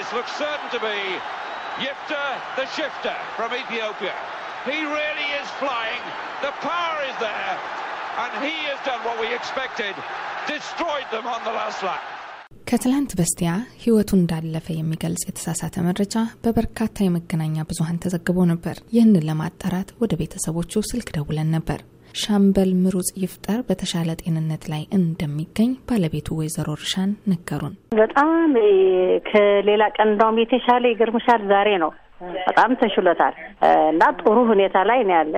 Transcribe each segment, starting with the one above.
this looks certain to be Yifta the Shifter from Ethiopia. He really is flying. The power is there. And he has done what we expected. Destroyed them on the last lap. ከትላንት በስቲያ ህይወቱ እንዳለፈ የሚገልጽ የተሳሳተ መረጃ በበርካታ የመገናኛ ብዙሀን ተዘግቦ ነበር። ይህንን ለማጣራት ወደ ቤተሰቦቹ ስልክ ደውለን ነበር። ሻምበል ምሩጽ ይፍጠር በተሻለ ጤንነት ላይ እንደሚገኝ ባለቤቱ ወይዘሮ እርሻን ነገሩን። በጣም ከሌላ ቀን እንዳውም የተሻለ ይገርምሻል፣ ዛሬ ነው በጣም ተሽሎታል እና ጥሩ ሁኔታ ላይ ነው ያለ።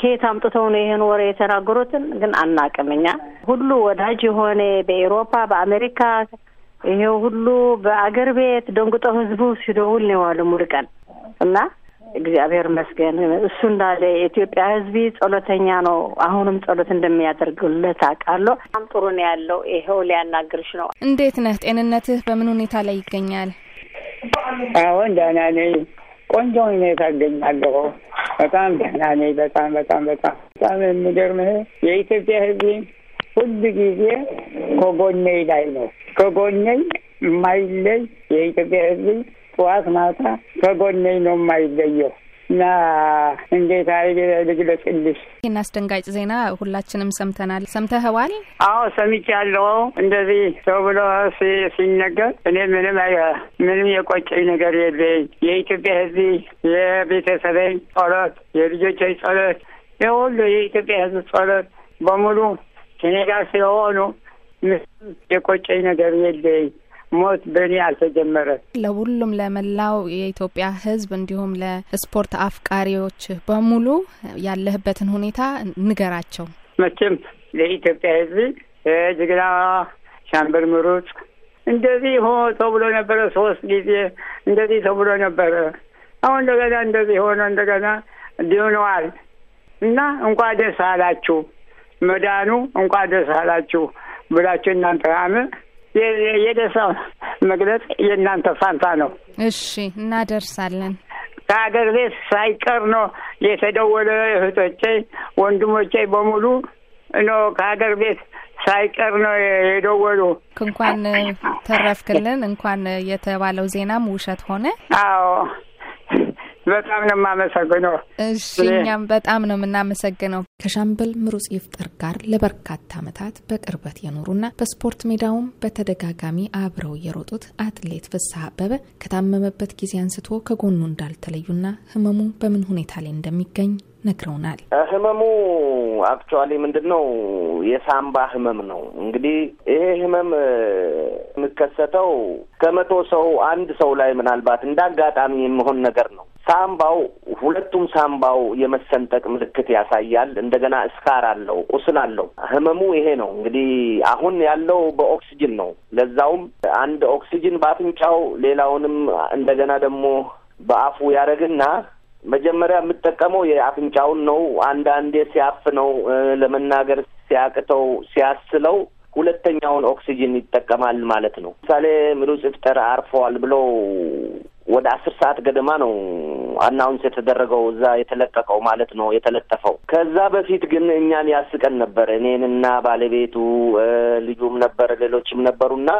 ከየት አምጥተው ነው ይህን ወሬ የተናገሩትን ግን አናቅም። እኛ ሁሉ ወዳጅ የሆነ በኤሮፓ በአሜሪካ ይሄ ሁሉ በአገር ቤት ደንግጦ ህዝቡ ሲደውል ነው የዋሉ ሙሉ ቀን እና እግዚአብሔር መስገን እሱ እንዳለ የኢትዮጵያ ሕዝብ ጸሎተኛ ነው። አሁንም ጸሎት እንደሚያደርግለት አውቃለሁ። በጣም ጥሩ ነው ያለው። ይኸው ሊያናግርሽ ነው። እንዴት ነህ? ጤንነትህ በምን ሁኔታ ላይ ይገኛል? አሁን ደህና ነኝ። ቆንጆ ሁኔታ እገኛለሁ። በጣም ደህና ነኝ። በጣም በጣም በጣም በጣም የሚገርምህ የኢትዮጵያ ሕዝብ ሁሉ ጊዜ ከጎኔ ላይ ነው። ከጎኔ የማይለይ የኢትዮጵያ ሕዝብ ጠዋት ማታ ከጎኔ ነው የማይለየው እና እንዴት አይ ልግለጽልሽ። ይህን አስደንጋጭ ዜና ሁላችንም ሰምተናል። ሰምተህዋል? አዎ ሰምቻለሁ። እንደዚህ ሰው ብሎ ሲነገር እኔ ምንም ምንም የቆጨኝ ነገር የለኝ። የኢትዮጵያ ሕዝብ የቤተሰበኝ ጸሎት፣ የልጆቼ ጸሎት፣ የሁሉ የኢትዮጵያ ሕዝብ ጸሎት በሙሉ ከኔ ጋር ስለሆኑ ምንም የቆጨኝ ነገር የለኝ። ሞት በእኔ አልተጀመረ ለሁሉም ለመላው የኢትዮጵያ ሕዝብ እንዲሁም ለስፖርት አፍቃሪዎች በሙሉ ያለህበትን ሁኔታ ንገራቸው። መቼም ለኢትዮጵያ ሕዝብ ጀግና ሻምበል ምሩጽ እንደዚህ ሆ ተብሎ ነበረ። ሶስት ጊዜ እንደዚህ ተብሎ ነበረ። አሁን እንደገና እንደዚህ ሆነ። እንደገና ድነዋል እና እንኳ ደስ አላችሁ መዳኑ እንኳ ደስ አላችሁ ብላችሁ እናንተ አም የደሳውን መግለጽ የእናንተ ፋንታ ነው። እሺ እናደርሳለን። ከሀገር ቤት ሳይቀር ነው የተደወለ። እህቶቼ ወንድሞቼ በሙሉ ኖ ከሀገር ቤት ሳይቀር ነው የደወሉ። እንኳን ተረፍክልን። እንኳን የተባለው ዜናም ውሸት ሆነ። አዎ በጣም ነው የማመሰግነው። እሺ እኛም በጣም ነው የምናመሰግነው። ከሻምበል ምሩጽ ይፍጠር ጋር ለበርካታ አመታት በቅርበት የኖሩና በስፖርት ሜዳውም በተደጋጋሚ አብረው የሮጡት አትሌት ፍስሐ አበበ ከታመመበት ጊዜ አንስቶ ከጎኑ እንዳልተለዩና ህመሙ በምን ሁኔታ ላይ እንደሚገኝ ነግረውናል። ህመሙ አክቹዋሊ ምንድን ነው? የሳምባ ህመም ነው። እንግዲህ ይሄ ህመም የሚከሰተው ከመቶ ሰው አንድ ሰው ላይ ምናልባት እንደ አጋጣሚ የሚሆን ነገር ነው። ሳምባው ሁለቱም ሳምባው የመሰንጠቅ ምልክት ያሳያል። እንደገና እስካር አለው፣ ቁስል አለው። ህመሙ ይሄ ነው እንግዲህ አሁን ያለው በኦክሲጅን ነው። ለዛውም አንድ ኦክሲጅን በአፍንጫው ሌላውንም እንደገና ደግሞ በአፉ ያደረግና መጀመሪያ የምጠቀመው የአፍንጫውን ነው። አንዳንዴ ሲያፍነው፣ ለመናገር ሲያቅተው፣ ሲያስለው ሁለተኛውን ኦክሲጅን ይጠቀማል ማለት ነው። ምሳሌ ምሩጽ ይፍጠር አርፈዋል ብለው ወደ አስር ሰዓት ገደማ ነው አናውንስ የተደረገው እዛ የተለቀቀው ማለት ነው የተለጠፈው። ከዛ በፊት ግን እኛን ያስቀን ነበር። እኔንና ባለቤቱ ልጁም ነበር ሌሎችም ነበሩና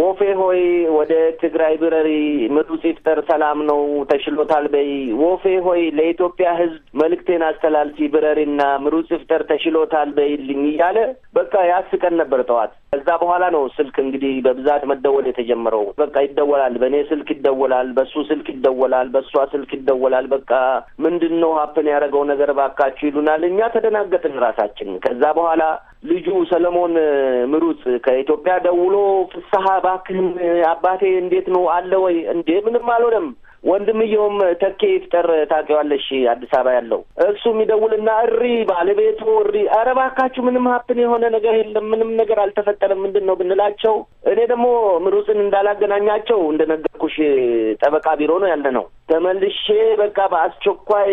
ወፌ ሆይ ወደ ትግራይ ብረሪ፣ ምሩፅ ሲፍጠር ሰላም ነው ተሽሎታል በይ። ወፌ ሆይ ለኢትዮጵያ ሕዝብ መልእክቴን አስተላልፊ ብረሪና ምሩፅ ሲፍጠር ተሽሎታል በይልኝ እያለ በቃ ያስቀን ነበር ጠዋት። ከዛ በኋላ ነው ስልክ እንግዲህ በብዛት መደወል የተጀመረው። በቃ ይደወላል፣ በእኔ ስልክ ይደወላል፣ በሱ ስልክ ይደወላል፣ በእሷ ስልክ ይደወላል። በቃ ምንድን ነው ሀፕን ያደረገው ነገር ባካችሁ ይሉናል። እኛ ተደናገጥን ራሳችን ከዛ በኋላ ልጁ ሰለሞን ምሩጽ ከኢትዮጵያ ደውሎ ፍስሀ እባክህም አባቴ እንዴት ነው አለ ወይ? እንዴ ምንም አልሆነም። ወንድምየውም ተኬ ይፍጠር ታውቂዋለሽ፣ አዲስ አበባ ያለው እሱ የሚደውልና እሪ ባለቤቱ እሪ፣ ኧረ እባካችሁ ምንም ሀብትን የሆነ ነገር የለም ምንም ነገር አልተፈጠረም ምንድን ነው ብንላቸው፣ እኔ ደግሞ ምሩጽን እንዳላገናኛቸው እንደነገ እንዳልኩሽ ጠበቃ ቢሮ ነው ያለ ነው። ተመልሼ በቃ በአስቸኳይ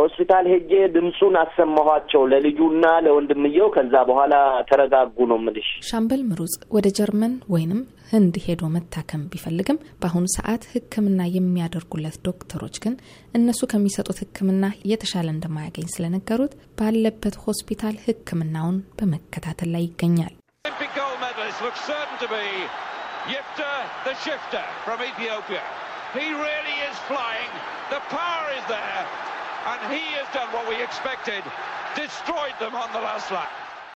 ሆስፒታል ሄጄ ድምፁን አሰማኋቸው ለልጁና ለወንድምየው። ከዛ በኋላ ተረጋጉ ነው ምልሽ። ሻምበል ምሩጽ ወደ ጀርመን ወይንም ህንድ ሄዶ መታከም ቢፈልግም በአሁኑ ሰዓት ሕክምና የሚያደርጉለት ዶክተሮች ግን እነሱ ከሚሰጡት ሕክምና የተሻለ እንደማያገኝ ስለነገሩት ባለበት ሆስፒታል ሕክምናውን በመከታተል ላይ ይገኛል። Yifter the Shifter from Ethiopia. He really is flying. The power is there. And he has done what we expected. Destroyed them on the last lap.